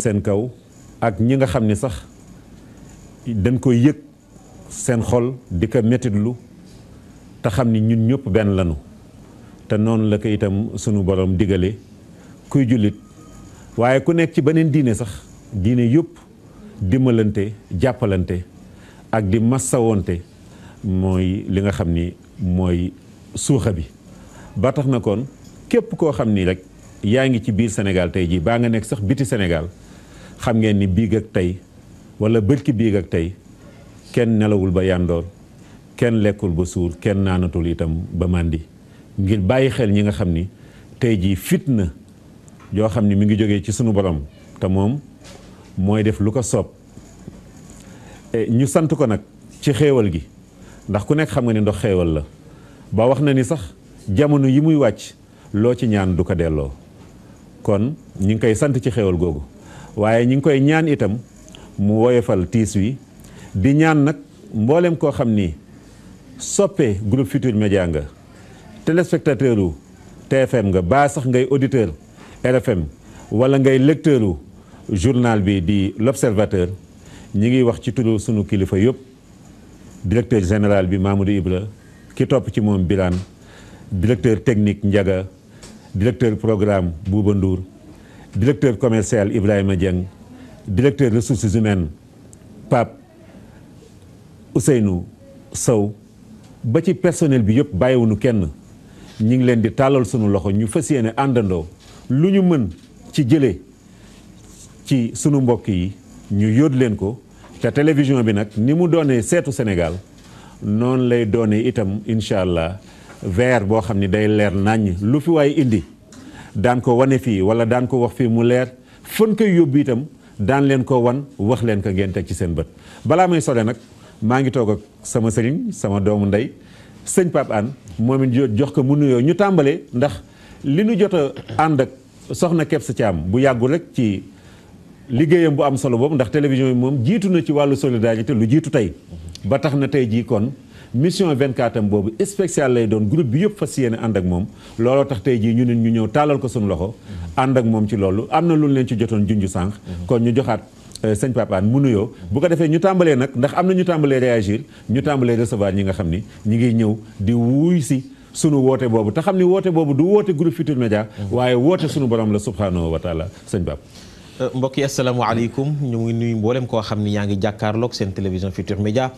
seen kaw ak ñi nga xam ni sax dañ koy yëg seen xol di ko metitlu te xam ni ñun ñëpp benn lanu te noonu la ko itam sunu borom digale kuy jullit waaye ku nekk ci beneen diine sax diine yëpp dimalante jàppalante ak di massawonte mooy li nga xam ni mooy suuxa bi ba tax na koon képp koo xam ni rek yaa ngi ci biir Sénégal tey jii baa nga nekk sax biti Sénégal xam ngeen ni biig ak tey wala bërki biig ak tey kenn nelawul ba yàndoor kenn lekkul ba suur kenn naanatul itam ba màndi ngir bàyyi xel ñi nga xam ni tey jii na joo xam ni mu ngi jóge ci sunu borom te moom mooy def lu ko soob e, ñu sant ko nag ci xéewal gi ndax ku nekk xam nga ni ndox xeewal la ba wax na ni sax jamono yi muy wàcc loo ci ñaan du ko delloo kon ñu ngi koy sant ci xéewal googu waaye ñu ngi koy ñaan itam mu woyofal tiis wi di ñaan nag mbooleem koo xam ni soppe groupe Futurs Médias nga téléspectateur u TFM nga baa sax ngay auditeur RFM wala ngay lecteur u journal bi di l'Observateur ñi ngi wax ci turu sunu kilifa yëpp directeur général bi Mamadou Ibra ki topp ci moom biraan directeur technique njaga directeur programme Bouba nduur directeur commercial Ibrahima Dieng directeur ressources humaines Pape Ousseynou Sow ba ci personnel bi yëpp bàyyiwunu kenn ñu ngi leen di tàllal sunu loxo ñu fas yéene àndandoo lu ñu mën ci jëlee ci sunu mbokk yi ñu yóot leen ko te télévision bi nag ni mu doonee seetu Sénégal noonu lay doonee itam incha allah verre boo xam ni day leer naññ lu fi waay indi. daan ko wane fii wala daan ko wax fii mu leer fën koy yóbbu itam daan leen ko wan wax leen ko ngeen ci seen bët balaa may sole nag maa ngi toog ak sama sëriñ sama doomu ndey sëñ Pape Hann moom it jox ko mu nuyoo ñu tàmbalee ndax li nu jot a ànd ak soxna Kebs Thiam bu yàggul rek ci liggéeyam bu am solo boobu ndax télévision yi moom jiitu na ci wàllu solidarité lu jiitu tey ba tax na tey jii kon mission 24 am boobu spécial lay doon groupe bi yëpp fas yéene ànd ak moom looloo tax tey jii ñu ne ñu ñëw taalal ko suñu loxo ànd ak moom ci loolu am na lu leen ci jotoon junj sànq kon ñu joxaat euh, sëñ Pape mu nuyoo bu ko defee ñu tàmbalee nag ndax am na ñu tàmbalee réagir ñu tàmbalee recevoir ñi nga xam ni ñi ngiy ñëw di wuy si sunu woote boobu te xam ni woote boobu du woote groupe Futurs Médias waaye woote suñu borom la subhanahu wa sëñ Pape Euh, mbokk yi asalaamaaleykum ñu ngi nuyu mboolem koo xam ni yaa ngi jàkkaarloog seen télévision Futurs Médias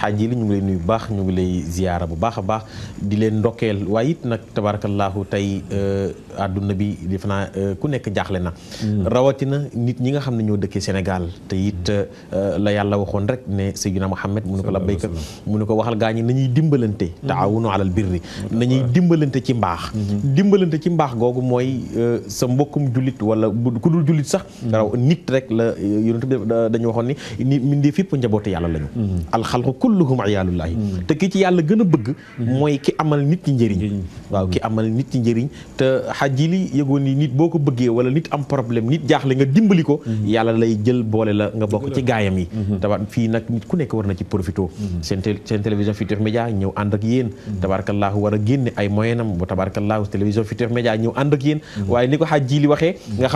xaaj yi ñu ngi lay nuyu baax ñu ngi lay ziyaara bu baax a baax di leen ndokkeel waaye it nag tabaarakallaahu tey euh, àdduna bi def naa euh, ku nekk jaaxle na. Mm. rawatina nit ñi nga xam ne ñoo dëkkee Sénégal te it la yàlla waxoon rek ne Seydina Mohamed mu ne ko la béykat mu ne ko waxal gaa ñi nañuy dimbalante. Mm. taawunu alal birri nañuy dimbalante ci mbaax. Mm-hmm. dimbalante ci mbaax googu mooy sa mbokkum jullit wala ku dul jullit sax. Mm. raw hmm. nit rek la euh, yonent bi dañu waxoon ni ni mindee fépp njabootu yàlla lañu. Hmm. alxalqu kulluhum iyaalullahi hmm. te ki ci yàlla gën a bëgg mooy ki amal nit ñi njëriñ te xaji li ni nit boo ko bëggee wala nit am problème nit jaaxle nga dimbali ko yàlla lay jël boole la nga bokk ci gaayam yi tabaar fii nag nit ku nekk war na ci profité seen seen télévision Futurs ñëw ànd ak yéen tabaarakallahu war a génne ay moyen am ba tabaarakallahu télévision Futurs Médias ñëw ànd ak yéen waaye ni ko xaji li waxee nga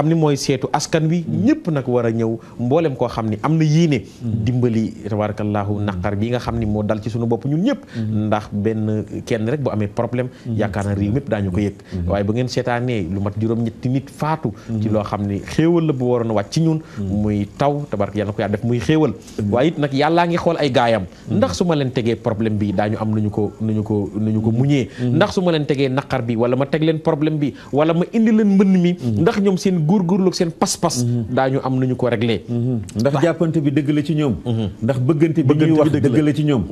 xam ni bi mm-hmm. ñëpp nag war a ñëw mboolem koo xam ni am na yéene mm-hmm. dimbali tabarakallahu mm-hmm. naqar bi nga xam ni moo dal ci suñu bopp ñun ñëpp ndax benn kenn rek boo amee problème yaakaar na réew mépp daañu ko yëg waaye ba ngeen seetaanee lu mat juróom-ñetti nit faatu loo xam ni xéewal bu waroon a wàcc ci ñun muy taw tabarak yàlla ko yàlla def muy xéewal waaye it nag yàllaa ngi xool ay gaayam ndax su ma leen tegee problème bi daañu am nañu ko nañu ko nañu ko muñee ndax su ma leen tegee naqar bi wala ma teg leen problème bi wala ma indi leen mbënn mi ndax ñoom seen daañu am nu ñu ko réglé. Mhm. ndax jàppante bi dëgg la ci ñoom. Mhm. ndax bëggante bi ñuy wax dëgg la ci ñoom.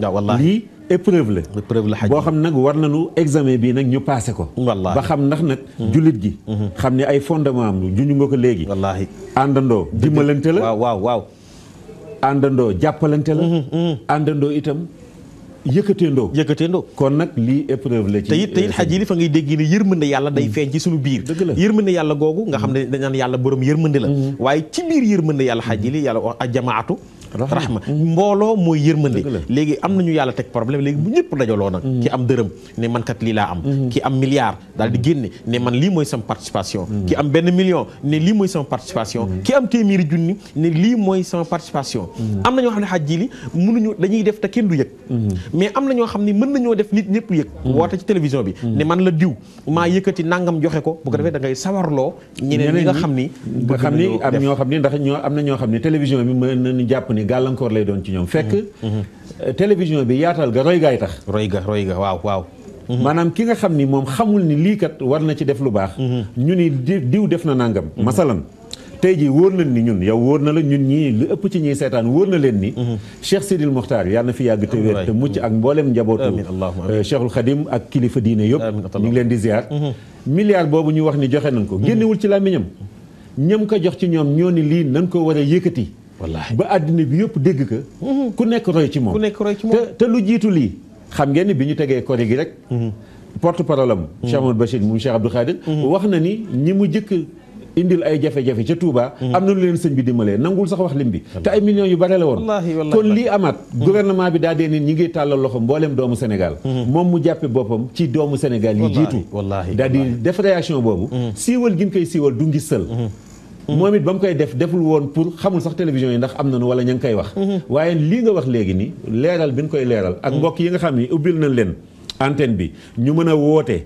lii épreuve la. épreuve la boo xam nag war nañu examen bii nag ñu passé ko. wallaahi ba xam ndax nag. Mhm. jullit gi. xam ne ay fondement am juñu nga ko léegi. àndandoo. dimbalante la waaw waaw waaw. àndandoo jàppalante la. àndandoo itam. yëkkateendoo yëkkateendoo kon nag lii épreuve la ci te it te it xaj euh, yi li fa ngay dégg ne yërmande yàlla day hmm. feeñ ci suñu biir yërmande yàlla googu nga xam ne hmm. dañ naan yàlla borom yërmande la hmm. waaye ci biir yërmande yàlla xaj yi li yàlla wax a jamaatu raxma mbooloo mooy yërmande léegi am nañu yàlla teg problème léegi bu ñëpp dajaloo nag mm-hmm. ki am dërëm ne man kat lii laa am mm-hmm. ki am milliard daal di génne ne man lii mooy sama participation mm-hmm. ki am benn million ne lii mooy sama participation junni ne lii mooy sama participation am na ñoo xam ne xaj ji li mënuñu dañuy def na ñoo xam ne def nit ñëpp yëg woote ci télévision bi ne man la diw maa yëkkati nangam joxe ko bu ko defee sawarloo ñeneen nga xam ni télévision bi mën nañu jàpp ni ni gàllankoor lay doon ci ñoom. fekk euh, télévision bi yaatal ga roy gaay tax. roy ga roy ga waaw waaw. Mhm. maanaam ki nga xam ni moom xamul ni lii kat war na ci def lu baax. Mhm. ñu ni diw def na nangam. Mhm. masalan tey jii wóor na la ñun ñii lu ëpp ci ñiy seetaan wóor na leen ni. Cheikh Sidil Mokhtar yàlla na fi yàgg te wér te mucc ak mboolem njabootu. amiin euh, Cheikhul Khadim ak kilifa diine yëpp. ñu ngi leen di ziar. milliard boobu ñu wax ni joxe nañ ko. génnewul ci làmmiñam ñam ko jox ci ñoom ñoo ni lii nañ ko war a yëkkati. wallaahi ba àddina bi yëpp dégg ka mhm. ku nekk roy ci moom ku nekk roy ci moom te lu jiitu lii xam ngeen ni bi ñu tegee kori gi rek mhm. porte parole am mhm. Cheikh Amadou Bachir moom Cheikh Abdou Khadir wax na ni ñi mu jëkk indil ay jafe-jafe ca Touba. am na lu leen sëñ bi dimbalee nangul sax wax lim bi te ay millions yu bare la woon kon lii amaat gouvernement bi daa dee ne ñi ngi tàllal loxo mbooleem doomu Sénégal moom mu jàppe boppam ci doomu Sénégal yi jiitu daal di def boobu siiwal g mu koy du ngi Mm-hmm. moom it ba mu koy def deful woon pour xamul sax télévision yi ndax am nañu wala ñu ngi koy wax mm-hmm. waaye lii nga wax léegi nii leeral bi nu koy leeral ak mm-hmm. mbokk yi nga xam ni ubbil nañ leen antenne bi ñu mën a woote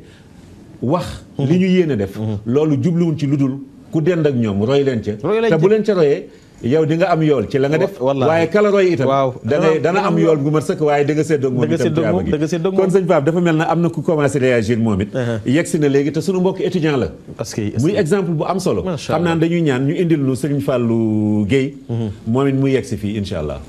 wax li ñu yéene def loolu jubluwuñ ci lu dul ku dend ak ñoom roy leen ca te bu leen ca royee yow di nga am yool ci la nga def waaye kala roy itam da ngay dana am yool gu mat waaye da nga séddoog moom itam kon sëñ Pape dafa mel na am na ku commencé réagir moom it uh-huh. yegg si na léegi te sunu mbokk étudiant la muy exemple bu am solo xam naa dañuy ñaan ñu indil nu sëñ Fallou Guèye mm-hmm. moom it mu yegg si fii incha allah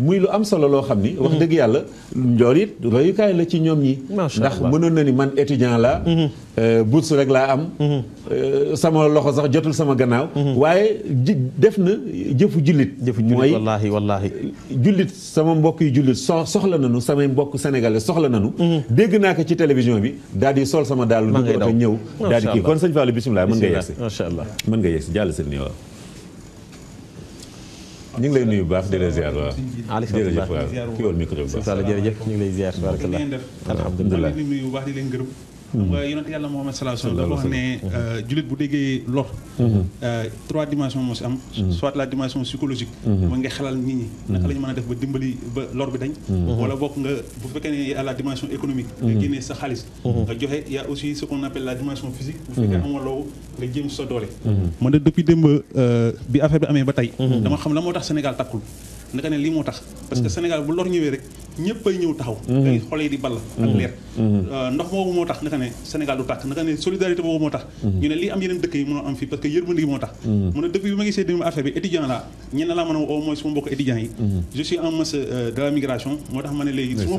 muy lu am solo loo xam ni. wax mm-hmm. dëgg yàlla njool it royukaay la ci ñoom ñi. ndax mënoon na ni man étudiant laa. Mm-hmm. Euh, bourse rek laa am. Mm-hmm. Euh, sama loxo sax jotul sama gannaaw. waaye ji def na jëfu jullit. jëfu jullit wallaahi wallaahi jullit sama mbokk yu jullit so soxla nañu samay mbokk sénégalais soxla nañu. dégg naa ko ci télévision bi daal di sol sama daal. maa ngi daw ñëw daal di kii kon sëñ Fallou bisimilah mën nga allah mën nga yegsi jàll seen nii waaw. ñu ngi lay nuyu bu baax di la ziar waaw. jërëjëf waaw kii woon xam nga mhm. yonent yàlla Muhammad sallallahu alayhi wa sallam dafa wax ne euh, jullit bu déggee lor mhm. euh, trois dimensions moo si am mhm. soit la dimension psychologique mooy nga xelal nit ñi naka la ñu a def ba dimbali ba lor bi dañ wala bokk nga bu fekkee ne à la dimension économique nga génnee sa xaalis nga joxe ya a aussi ce qu'on appelle la dimension physique bu fekkee amoo loowu nga jéem sa doole man de depuis démb euh, bi affaire bi amee ba tey dama xam la moo tax Sénégal takkul naka ne lii moo tax parce que mm. Sénégal bu lor ñëwee rek ñëpp ay ñëw taxaw mm. day xol yi di ball ak mm. leer euh, ndox boobu moo tax naka ne Sénégal du tàkk naka ne solidarité boobu moo tax ñu ne lii am yeneen dëkk yi a am fii parce que yërmande gi moo tax mu ne depuis bi ma gisee dimi affaire bi étudiant la ñenn laa mën a au moins mbokk étudiant yi je en masse euh, de migration moo tax ma ne léegi su ma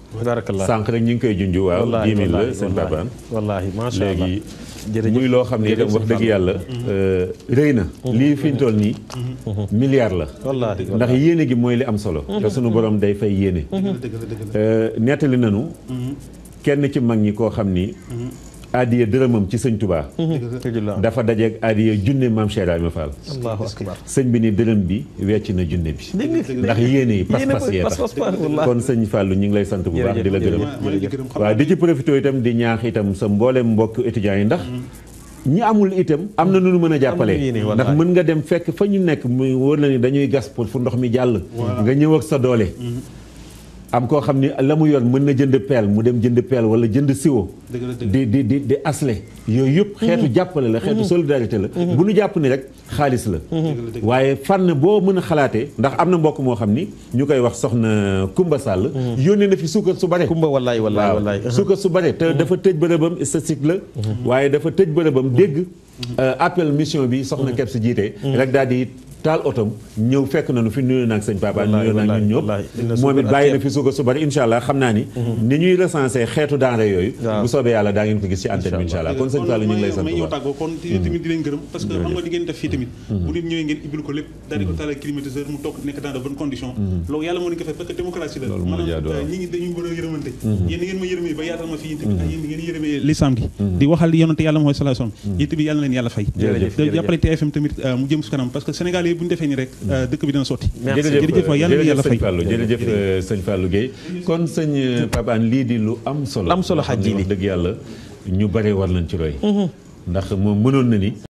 barakallah sànq rek ñu ngi koy junj waaw. wallaahi la sëñ Babaan. wallaahi macha allah léegi. jërëjëf muy loo xam ne itam wax dëgg yàlla. Mm-hmm. Euh, rëy na. Mm-hmm. lii fi ñu toll nii. Mm-hmm. milliard la. wallaahi ndax yéene gi mooy li am solo. te sunu borom day fay yéene. dëgg la dëgg la euh, nettali nanu. kenn ci mag ñi koo xam ni. adiya dërëmam ci sëñ Touba. dafa dajeeg adiya junne maam Cheikh Ibrahima Fall. sëñ bi ni dërëm bi wecc na junne bi. ndax yéene yi pas-pas yee tax kon sëñ Fallou ñu lay sant bu baax di la gërëm. waaw di ci profité itam di ñaax itam sa mboolem mbokk étudiants yi ndax. ñi amul itam am na nu ñu mën a jàppale ndax mën nga dem fekk fa ñu nekk muy wóor la ni dañuy gas pour fu ndox mi jàll. nga ñëw ak sa doole. Mm-hmm. am koo xam ni la mu yoon mën na jënd peel mu dem jënd peel wala jënd siwo di di di di asle yooyu yëpp xeetu mm-hmm. jàppale la xeetu mm-hmm. solidarité la mm-hmm. bu nu jàpp ni rek xaalis la waaye fànn boo mën a xalaatee ndax am na mbokk moo xam ni ñu koy wax soxna Kumba Sall yónnee na fi suukar su bare Kumba wallaay wallaay wallaay uh-huh. suukar su bare te dafa tëj bërëbam statistique la waaye dafa tëj bërëbam dégg euh, appel mission bi soxna Kebs jiite rek daal di taal otom ñëw fekk na nu fi nuyu naag sëñ Papa nuyu naag ñun ñëpp moom it bàyyi na fi suuka su bari incha allah xam naa ni mhm. ni ñuy recensé xeetu denrée yooyu bu soobee yàlla daa ngeen ko gis ci antenne bi incha allah kon sëñ Fallou ñu ngi lay sant yow tàggoo kon mhm. tamit dinañ gërëm parce que xam nga di ngeen def fii tamit mhm. bu nit ñëwee ngeen ibbil ko lépp daal di ko taalal climatiseur mu toog nekk dans de bonnes conditions loolu yàlla moo ni ko fekk parce que démocratie la maanaam ñi ngi dañu gën a yërëmante yéen ngeen ma yërëmee ba yaatal ma fii tamit yéen ngeen yërëmee lislaam gi di waxal yonante yàlla mooy sallallahu alayhi wasallam yéen tamit yàlla leen yàlla fay jàppale TFM tamit euh, mu jëm su kanam parce que Sénégal bëri bu ñu defee nii rek euh, mm. dëkk bi dina na yàlla jërëjëf sëñ Fallou Guèye kon sëñ euh, Pape lii di lu am solo am solo xaj ji dëgg yàlla ñu bare war nañ ci roy mm-hmm. ndax moom mënoon na ni